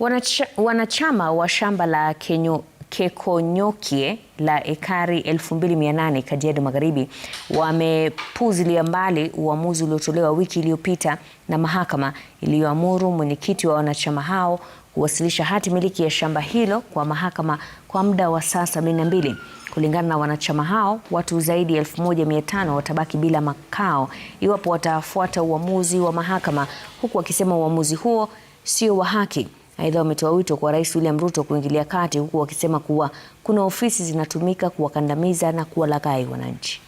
Wanacha, wanachama wa shamba la Kenyo, Kekonyokie la ekari 2800 Kajiado Magharibi wamepuzilia mbali uamuzi uliotolewa wiki iliyopita na mahakama iliyoamuru mwenyekiti wa wanachama hao kuwasilisha hati miliki ya shamba hilo kwa mahakama kwa muda wa saa mbili. Kulingana na wanachama hao, watu zaidi ya 1500 watabaki bila makao iwapo watafuata uamuzi wa mahakama, huku wakisema uamuzi huo sio wa haki. Aidha, wametoa wito kwa Rais William Ruto kuingilia kati, huku wakisema kuwa kuna ofisi zinatumika kuwakandamiza na kuwalaghai wananchi.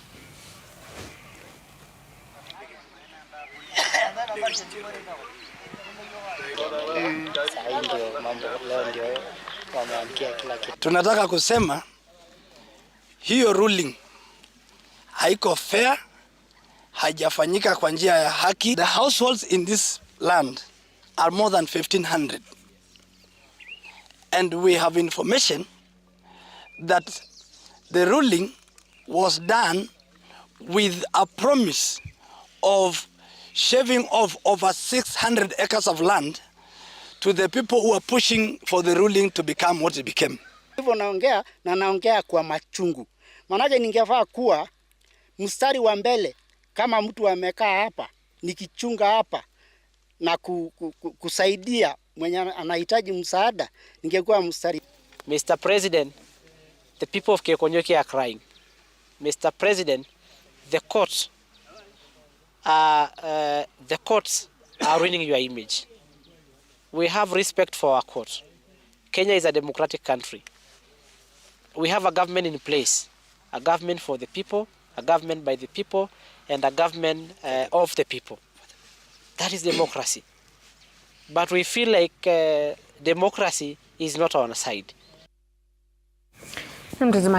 Tunataka kusema hiyo ruling haiko fair, haijafanyika kwa njia ya haki. The households in this land are more than 1500 and we have information that the ruling was done with a promise of shaving off over 600 acres of land to the people who are pushing for the ruling to become what it became. Hivyo naongea na naongea kwa machungu, manake ningevaa kuwa mstari wa mbele kama mtu amekaa hapa nikichunga hapa na kusaidia mwenye anahitaji msaada, ningekuwa mstari. Mr. President, the people of kekonyoki are crying. Mr. President, the court, uh, uh, the courts are ruining your image. We have respect for our court. Kenya is a democratic country. We have a government in place, a government for the people, a government by the people, and a government uh, of the people. That is democracy but we feel like uh, democracy is not on side.